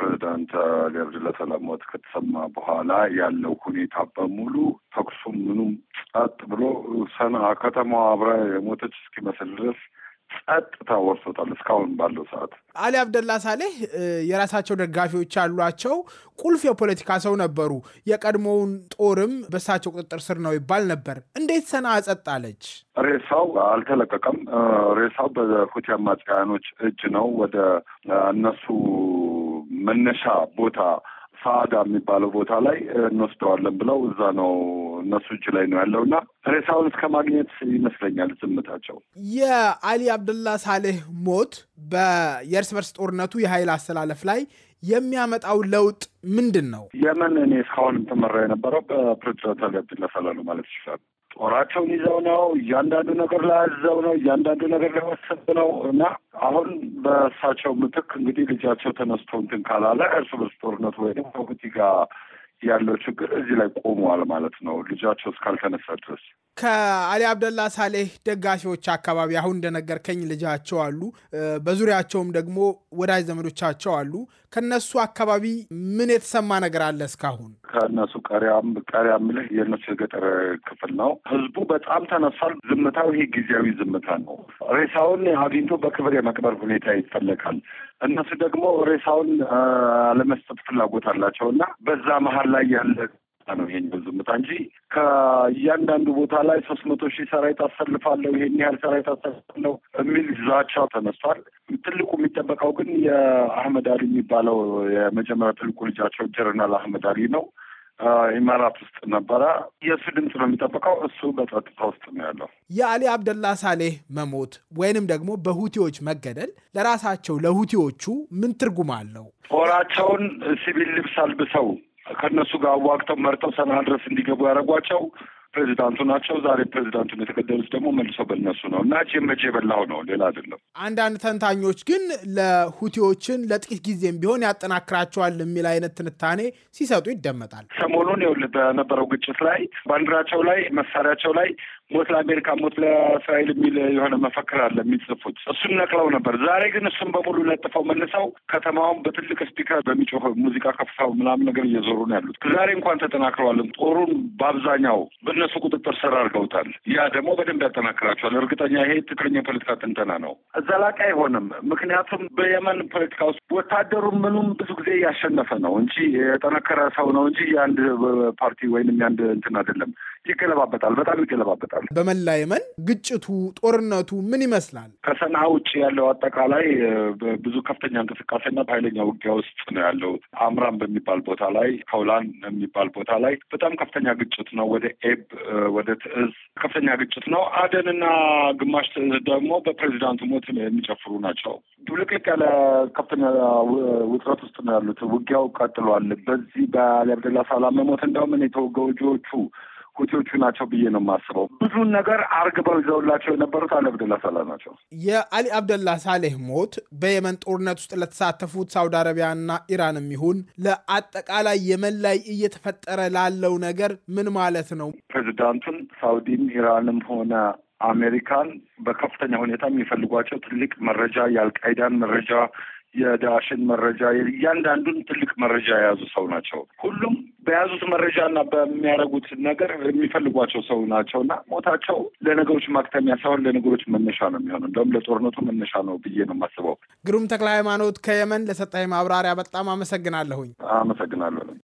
ፕሬዚዳንት አሊ ሰላም ሞት ከተሰማ በኋላ ያለው ሁኔታ በሙሉ ተኩሱም ምኑም ጸጥ ብሎ ሰና ከተማዋ አብራ የሞተች እስኪመስል ድረስ ጸጥታ ወርሶታል። እስካሁን ባለው ሰዓት አሊ አብደላ ሳሌህ የራሳቸው ደጋፊዎች ያሏቸው ቁልፍ የፖለቲካ ሰው ነበሩ። የቀድሞውን ጦርም በሳቸው ቁጥጥር ስር ነው ይባል ነበር። እንዴት ሰና ጸጥ አለች? ሬሳው አልተለቀቀም። ሬሳው በሁቲ አማጽያኖች እጅ ነው። ወደ እነሱ መነሻ ቦታ ሳአዳ የሚባለው ቦታ ላይ እንወስደዋለን ብለው እዛ ነው እነሱ እጅ ላይ ነው ያለው እና ሬሳውን እስከ ማግኘት ይመስለኛል ዝምታቸው። የአሊ አብደላ ሳሌህ ሞት በየእርስ በርስ ጦርነቱ የኃይል አስተላለፍ ላይ የሚያመጣው ለውጥ ምንድን ነው? የመን እኔ እስካሁን ተመራ የነበረው በፕሬዝዳንት አሊ አብደላ ሳላህ ነው ማለት ይችላል። ጦራቸውን ይዘው ነው። እያንዳንዱ ነገር ላያዘው ነው። እያንዳንዱ ነገር ለመሰብ ነው እና አሁን በእሳቸው ምትክ እንግዲህ ልጃቸው ተነስቶ እንትን ካላለ እርስ በርስ ጦርነት ወይም ከሁቲ ጋር ያለው ችግር እዚህ ላይ ቆሟል ማለት ነው። ልጃቸው እስካልተነሳ ድረስ ከአሊ አብደላ ሳሌህ ደጋፊዎች አካባቢ አሁን እንደነገርከኝ ልጃቸው አሉ፣ በዙሪያቸውም ደግሞ ወዳጅ ዘመዶቻቸው አሉ። ከነሱ አካባቢ ምን የተሰማ ነገር አለ? እስካሁን ከእነሱ ቀሪያም ቀሪያ ምልህ የእነሱ የገጠር ክፍል ነው። ህዝቡ በጣም ተነሷል። ዝምታው ይሄ ጊዜያዊ ዝምታ ነው። ሬሳውን አግኝቶ በክብር የመቅበር ሁኔታ ይፈለጋል። እነሱ ደግሞ ሬሳውን አለመስጠት ፍላጎት አላቸው እና በዛ መሀል ላይ ያለ ነው ይሄን ዝምታ እንጂ ከእያንዳንዱ ቦታ ላይ ሶስት መቶ ሺህ ሰራዊት አሰልፋለሁ ይሄን ያህል ሰራዊት አሰልፋለሁ የሚል ዛቻ ተነስቷል። ትልቁ የሚጠበቀው ግን የአህመድ አሊ የሚባለው የመጀመሪያ ትልቁ ልጃቸው ጀነራል አህመድ አሊ ነው። ኢማራት ውስጥ ነበረ። የእሱ ድምፅ ነው የሚጠብቀው። እሱ በጸጥታ ውስጥ ነው ያለው። የአሊ አብደላ ሳሌህ መሞት ወይንም ደግሞ በሁቲዎች መገደል ለራሳቸው ለሁቲዎቹ ምን ትርጉም አለው? ጦራቸውን ሲቪል ልብስ አልብሰው ከእነሱ ጋር አዋቅተው መርጠው ሰና ድረስ እንዲገቡ ያደረጓቸው ፕሬዚዳንቱ ናቸው። ዛሬ ፕሬዚዳንቱን የተገደሉት ደግሞ መልሶ በነሱ ነው እና ጄ መቼ የበላው ነው ሌላ አይደለም። አንዳንድ ተንታኞች ግን ለሁቲዎችን ለጥቂት ጊዜም ቢሆን ያጠናክራቸዋል የሚል አይነት ትንታኔ ሲሰጡ ይደመጣል። ሰሞኑን ይኸውልህ በነበረው ግጭት ላይ ባንዲራቸው ላይ መሳሪያቸው ላይ ሞት ለአሜሪካ ሞት ለእስራኤል የሚል የሆነ መፈክር አለ የሚጽፉት። እሱን ነቅለው ነበር። ዛሬ ግን እሱን በሙሉ ለጥፈው መልሰው ከተማውን በትልቅ ስፒከር በሚጮህ ሙዚቃ ከፍተው ምናምን ነገር እየዞሩ ነው ያሉት። ዛሬ እንኳን ተጠናክረዋል። ጦሩን በአብዛኛው በእነሱ ቁጥጥር ስር አድርገውታል። ያ ደግሞ በደንብ ያጠናክራቸዋል። እርግጠኛ ይሄ ትክክለኛ የፖለቲካ ትንተና ነው። ዘላቂ አይሆንም። ምክንያቱም በየመን ፖለቲካ ውስጥ ወታደሩ ምኑም ብዙ ጊዜ እያሸነፈ ነው እንጂ የጠነከረ ሰው ነው እንጂ የአንድ ፓርቲ ወይንም የአንድ እንትን አይደለም። ይገለባበጣል፣ በጣም ይገለባበጣል። በመላ የመን ግጭቱ፣ ጦርነቱ ምን ይመስላል? ከሰና ውጭ ያለው አጠቃላይ ብዙ ከፍተኛ እንቅስቃሴና በኃይለኛ ውጊያ ውስጥ ነው ያለው። አምራን በሚባል ቦታ ላይ ካውላን የሚባል ቦታ ላይ በጣም ከፍተኛ ግጭት ነው። ወደ ኤብ ወደ ትዕዝ ከፍተኛ ግጭት ነው። አደን አደንና ግማሽ ትዕዝ ደግሞ በፕሬዚዳንቱ ሞት የሚጨፍሩ ናቸው። ድብልቅልቅ ያለ ከፍተኛ ውጥረት ውስጥ ነው ያሉት። ውጊያው ቀጥሏል። በዚህ በአሊ አብደላ ሳላም መሞት እንደውም እኔ ተወገጆቹ ሁቲዎቹ ናቸው ብዬ ነው የማስበው። ብዙን ነገር አርግበው ይዘውላቸው የነበሩት አሊ አብደላ ሳሌህ ናቸው። የአሊ አብደላ ሳሌህ ሞት በየመን ጦርነት ውስጥ ለተሳተፉት ሳውዲ አረቢያና ኢራን የሚሆን ለአጠቃላይ የመን ላይ እየተፈጠረ ላለው ነገር ምን ማለት ነው? ፕሬዚዳንቱን ሳውዲም ኢራንም ሆነ አሜሪካን በከፍተኛ ሁኔታ የሚፈልጓቸው ትልቅ መረጃ የአልቃይዳን መረጃ የዳሽን መረጃ እያንዳንዱን ትልቅ መረጃ የያዙ ሰው ናቸው። ሁሉም በያዙት መረጃ ና በሚያደርጉት ነገር የሚፈልጓቸው ሰው ናቸው እና ሞታቸው ለነገሮች ማክተሚያ ሳይሆን ለነገሮች መነሻ ነው የሚሆነው። እንደውም ለጦርነቱ መነሻ ነው ብዬ ነው የማስበው። ግሩም ተክለ ሃይማኖት ከየመን ለሰጣኝ ማብራሪያ በጣም አመሰግናለሁኝ። አመሰግናለሁ።